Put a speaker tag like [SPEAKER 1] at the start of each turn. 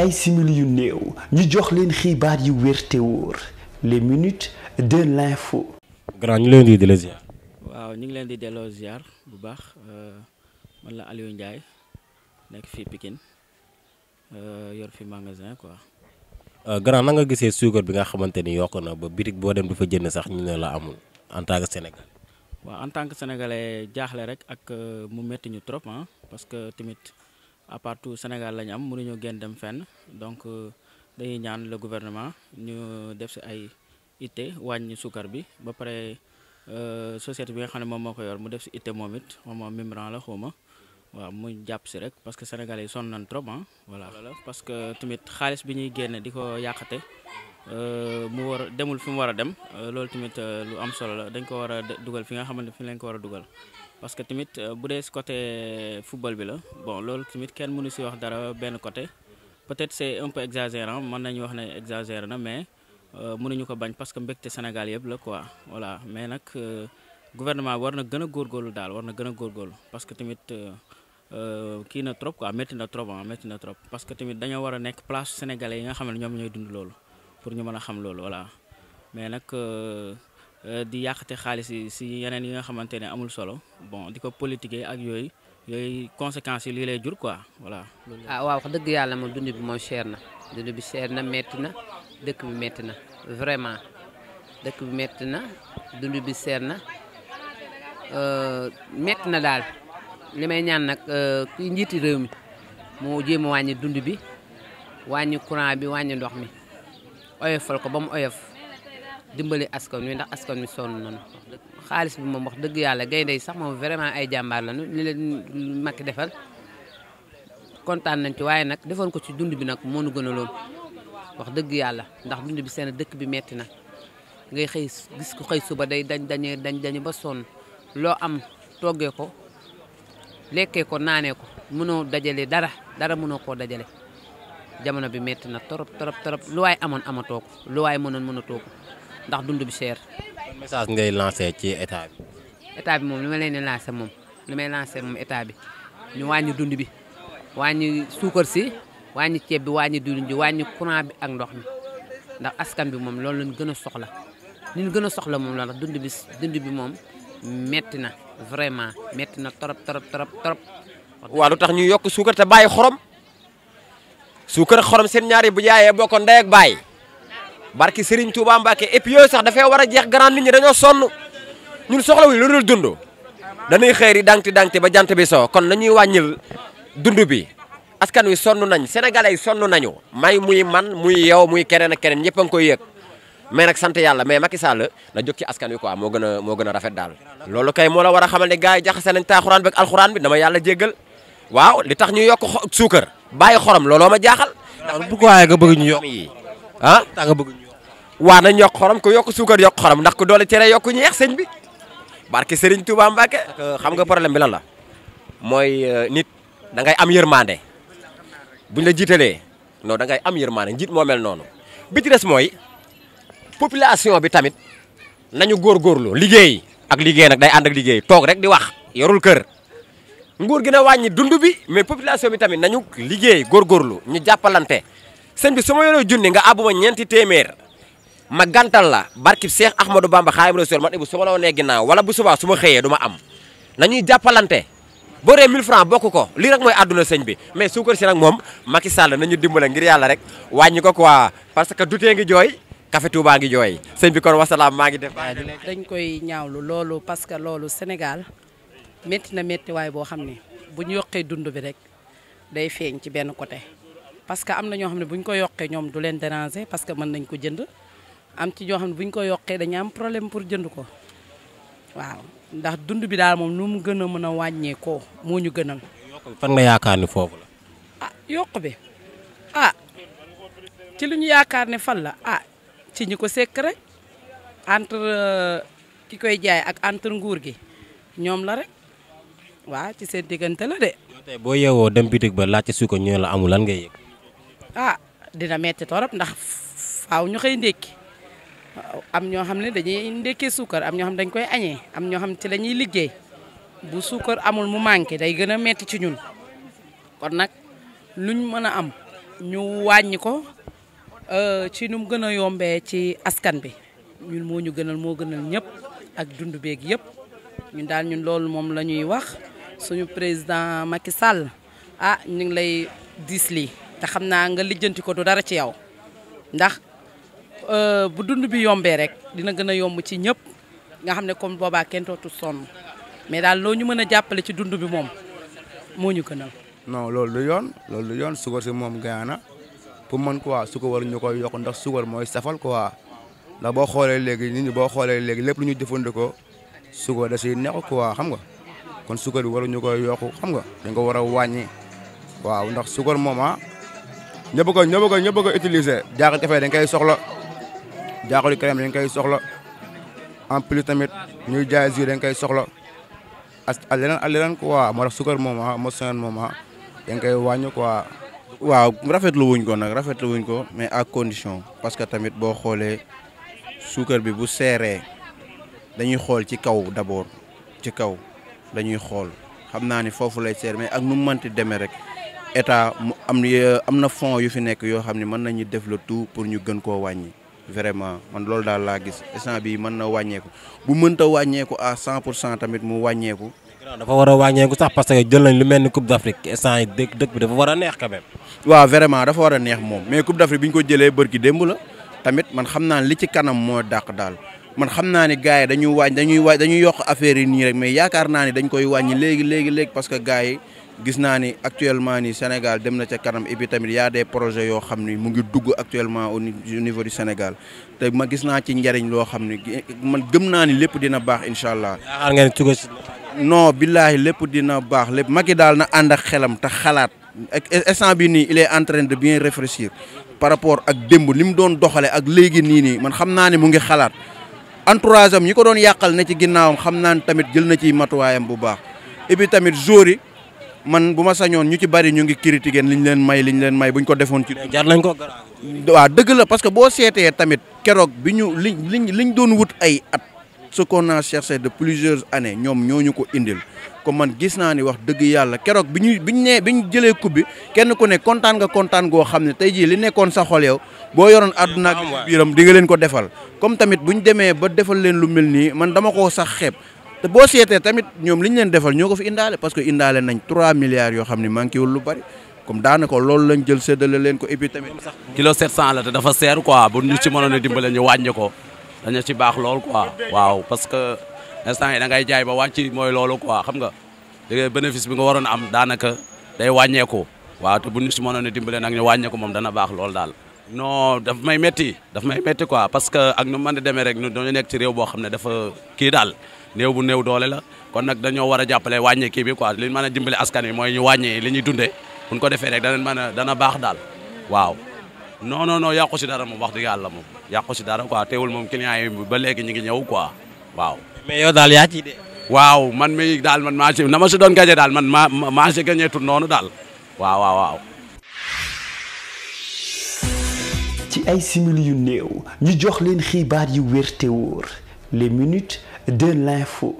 [SPEAKER 1] ay simili yu néew ñu jox leen xibaar yu wér te wóor les minutes de l'info. grand ñu leen di delloo ziar.
[SPEAKER 2] waaw ñu ngi leen di delloo ziar bu baax euh, man la Aliou Ndiaye nekk fii Pikine euh, yor fi magasin quoi. Euh,
[SPEAKER 1] grand na nga gisee suukar bi nga xamante ni yokk na ba bitig boo dem du fa jënd sax ñu ne la amul en tant que
[SPEAKER 2] sénégalais. en tant que jaaxle rek ak mu metti ñu trop ah parce à partout lañu am mu am ñoo génn dem fenn donc euh, dañuy ñaan la gouvernement ñu def si ay itte wàññi suukar bi ba pare euh, société bi nga xam ne moom moo ko yor mu def si itte moom it moom moom Mimran la xawma waaw mu jàpp si rek parce que sénégalais yi sonn nañ trop ah voilà parce que tamit xaalis bi ñuy génne di ko yàqate euh, mu war a demul fu mu war a dem loolu tamit lu am solo la dañ ko war a dugal fi nga xamante fi lañ ko war a dugal parce que tamit euh, bu dee si côté euh, football bi la bon loolu tamit kenn mënu si wax dara benn côté peut-être c'est un peu exagérant mën nañu wax ne exagéré na mais euh, mënuñu ko bañ parce que mbégte Sénégal yëpp la quoi voilà mais nag gouvernement bi war na gën a góorgóorlu daal war na gën a góorgóorlu parce que tamit kii na trop quoi métti na trop ah métti na trop parce que tamit dañoo war a nekk place sénégalais yi nga xam ne ñoom ñooy dund loolu pour ñu mën a xam loolu mais nag. Euh, di yàqate xaalis yi si yeneen yi nga xamante ne amul solo bon di ko politiquer ak yooyu yooyu conséquences yi lii lay jur quoi voilà.
[SPEAKER 3] ah waaw wax dëgg yàlla moom dund bi moom cher na dund bi seer na métti na dëkk bi métti na vraiment dëkk bi métti na dund bi cher na euh, métti na daal li may ñaan nag euh, ki njiiti réew mi moo jéem a wàññi dund bi wàññi courant bi wàññi ndox mi oyofal ko ba mu oyof. dimbali askan wi ndax askan wi sonn nañu xaalis bi moom wax dëgg yàlla gaynde yi sax moom vraiment ay jàmbaar lañu li leen Macky defal kontaan nañ ci waaye nag defoon ko ci dund bi nag moo nu gën wax dëgg yàlla ndax dund bi seen dëkk bi metti na ngay xëy gis ko xëy suba day dañ dañ dañ dañ ba sonn loo am toggee ko lekkee ko naanee ko mënoo dajale dara dara mënoo koo dajale jamono bi metti na torop torop waaye lu waay amoon amatoo ko lu waay mënoon mënatoo ko ndax dund bi cher. ban message ngay lancé ci état bi. état bi moom li ma leen di lancé moom li may lancé moom état bi ñu wàññi dund bi wàññi suukar si wàññi ceeb bi wàññi diwlin ji wàññi courant bi ak ndox mi ndax askan bi moom loolu lañ gën a soxla li gën a soxla moom la ndax dund bi dund bi moom metti na vraiment metti na trop trop trop trop. waaw tax
[SPEAKER 1] ñu yokk suukar te bàyyi xorom suukar xorom seen ñaari bu jaayee bokkoon ndey ak bàyyi. barki Serigne Touba Mbacke et puis yooyu sax dafay war a jeex grand nit ñi dañoo sonn ñun soxlawuñ lu dul dund dañuy xëy di dangti dangti ba jant bi soo kon nañuy wàññil dundu bi askan wi sonn nañ sénégalais yi sonn nañu may muy man muy yow muy keneen ak keneen ñëpp a ngi yëg mais nag sant yàlla mais Macky Sall na jóg ci askan wi quoi moo gën a moo gën a rafet daal loolu kay moo la war a xamal ne gars yi jaxase nañ taaxuraan bi ak alxuraan bi dama yàlla jéggal waaw li tax ñu yokk suukar bàyyi xorom looloo ma jaaxal. ndax bu ko ñu yokk ah. waa nañ yokk xorom ku yokk suukar yokk xorom ndax ku doole cere yokk ñeex sëñ bi barke Serigne Touba Mbacke xam nga problème bi lan la mooy euh, nit dangay ngay am yërmande buñ la jiitalee non da ngay am yërmande njiit moo mel noonu bi ci des mooy population bi tamit nañu góorgóorlu liggéey ak liggéey nag day ànd ak liggéey toog rek di wax yorul kër nguur gi na wàññi dund bi mais population bi tamit na nañu liggéey góorgóorlu ñu jàppalante sëñ bi su ma yoree junni nga abuma ñeenti téeméer. ma gantal la barkib Seex Ahmadou Bamba Xaadimu Rasuul man Ibou su ma la wanee wala bu subaa su ma xëyee du ma am nañuy jàppalante boo ree 1000 francs bokk ko lii rek mooy àdduna sëñ bi mais suukar si nag moom Macky Sall nañu dimbale ngir yàlla rek wàññi ko quoi parce que dutee ngi jooy café Touba ngi jooy sëñ bi kon wasalaam maa ngi def.
[SPEAKER 4] dañ koy ñaawlu loolu parce que loolu Sénégal métti na métti waay boo xam ne bu ñu yokkee dund bi rek day feeñ ci benn côté parce que am na ñoo xam ne bu ñu ko ñoom du leen déranger parce que mën nañ ko jënd. am ci ñoo xam ne bu ñu ko yokkee dañu am problème pour jënd ko waaw ndax dund bi daal moom nu mu gën a mën a wàññeekoo moo ñu gënal. yokk bi fan nga
[SPEAKER 1] yaakaar ni foofu la.
[SPEAKER 4] ah bi ah ci ñu yaakaar ne fan la ah, ci ñi ko sekk rek entre euh, ki koy jaay ak entre nguur gi ñoom la rek waaw ci seen diggante la de.
[SPEAKER 1] boo yeewoo dem bitig ba laajte su ko ñu la amul lan ngay yëg.
[SPEAKER 4] ah dina metti torop ndax faaw ñu xëy ndékki. am ñoo xam ne dañuy ndekkee suukar am ñoo xam dañ koy añee am ñoo xam ci la ñuy liggéey bu suukar amul mu manqué day gën a metti ci ñun kon nag luñ mën a am ñu wàññi ko euh, ci nu mu gën a yombee ci askan bi ñun moo ñu gënal moo gënal ñëpp ak dund beeg yëpp ñun daal ñun loolu moom la ñuy wax suñu président Macky Sall ah ñu ngi lay diis lii te xam naa nga lijjanti ko du dara ci yow ndax Euh, bu dund bi yombee rek dina gën a yomb ci ñëpp nga xam ne comme boobaa kenn dootul sonn mais daal loo ñu mën a jàppale ci dund bi moom moo ñu gënal.
[SPEAKER 5] no lool du yoon lool du yoon suukar si moom gaana pour man quoi suukar war ñu ko yokk ndax suukar mooy safal quoi ndax boo xoolee léegi nit ñi boo xoolee léegi lépp lu ñu jëfandikoo suukar da si neex quoi xam nga kon suukar bi ñu ko yokku xam nga dañ ko war a wàññi waaw ndax suukar moom ah ko ñëpp ko ñëpp ko utiliser jaaxal café jaaxuli crème dañ koy soxla en plus tamit ñuy jaay jus dañ koy soxla ak ak leneen ak leneen quoi moo tax sukar moom ah moo ah, koy wàññi quoi. waaw rafetlu wuñ ko nag rafetlu wuñ ko mais à condition parce que tamit boo xoolee suukar bi bu seeree dañuy xool ci kaw d'abord ci kaw dañuy xool xam naa ni foofu lay seer mais ak nu mu mënti demee rek. état mu am am na fonds yu fi nekk yoo xam ne mën nañu def tout pour ñu gën koo wàññi vraiment man loolu daal laa gis instant bi mën na wàññeeku bu mënta wàññeeku à 100 pour cent tamit mu wàññeeku.
[SPEAKER 1] dafa war a wàññeeku sax parce que jël nañ lu mel ni Coupe d'Afrique instant
[SPEAKER 5] dëkk bi dafa war a neex quand même. waaw vraiment dafa war a neex moom mais Coupe d'Afrique bi ñu ko jëlee bërki démb la tamit man xam naa li ci kanam moo dàq daal man xam naa ne gars dañuy wàññ dañuy yokk affaire nii rek mais yaakaar naa ne dañ koy wàññi léegi léegi gis naa ni actuellement nii Sénégal dem na ca kanam et puis tamit y a des yoo xam ni mu ngi dugg actuellement au niveau du Sénégal te ma gis naa ci njariñ loo xam ni man gëm naa ni lépp dina baax incha allah. yaakaar ngeen tuggee si. non billaahi lépp dina baax lépp Macky daal na ànd ak xelam te xalaat instant bi nii il est en de bien réfléchir par rapport ak démb li mu doon doxalee ak léegi nii nii man xam naa ne mu ngi xalaat entourage am ñi ko doon yàqal na ci ginnaawam xam naa ne tamit jël na ci matuwaayam bu baax man bu ma sañoon ñu ci bari ñu ngi critiquer liñ leen may liñ leen may buñ ko defoon ci. jar nañ ko waaw dëgg la parce que boo seetee tamit keroog bi ñu liñ liñ liñ doon wut ay at. ce qu'on a de plusieurs années ñoom ñoo ñu ko indil comme man gis naa ni wax dëgg yàlla keroog bi ñu bi ñu nee bi ñu jëlee coupe bi kenn ku ne kontaan nga kontaan goo xam ne tey jii li nekkoon sa xol yow boo yoroon àdduna ak biiram di nga leen ko defal. comme tamit bu ñu demee ba defal leen lu mel nii man dama koo sax xeeb. te boo seetee tamit ñoom li ñu leen defal ñoo ko fi indaale parce que indaale nañ 3 milliards yoo xam ne manqué wul lu bari comme daanaka loolu lañ jël séddale leen ko et puis tamit.
[SPEAKER 3] kilo 700 la te dafa seer
[SPEAKER 5] quoi bu ñu ci mënoon a dimbale ñu wàññi ko dañu ci baax lool quoi waaw parce que instant yi da ngay jaay ba wàcc mooy loolu quoi xam nga léegi bénéfice bi nga waroon am daanaka day wàññeeku waaw te bu ñu si mënoon a dimbale nag ñu wàññeeku dana baax lool daal. no daf may métti daf may métti quoi parce que ak nu man di demee rek ñu dañu nekk ci réew boo xam ne dafa kii daal néew bu néew doole la kon nag dañoo war a jàppale wàññi kii bi quoi li ñu mën a dimbale askan wi mooy ñu wàññi li ñuy dundee buñ ko defee rek danañ mën a dana baax daal waaw non noo non yàqu si dara moom wax dëgg yàlla moom yàqu si dara quoi teewul moom client yi ba léegi ñu ngi ñëw quoi waaw.
[SPEAKER 1] mais yow yaa ci de.
[SPEAKER 5] waaw man mi daal man maa na ma si doon gagné daal man maa maa si gagné tout noonu daal waaw waaw
[SPEAKER 1] ci ay simili
[SPEAKER 2] yu néew ñu jox leen xibaar yu wér te les minutes de l'info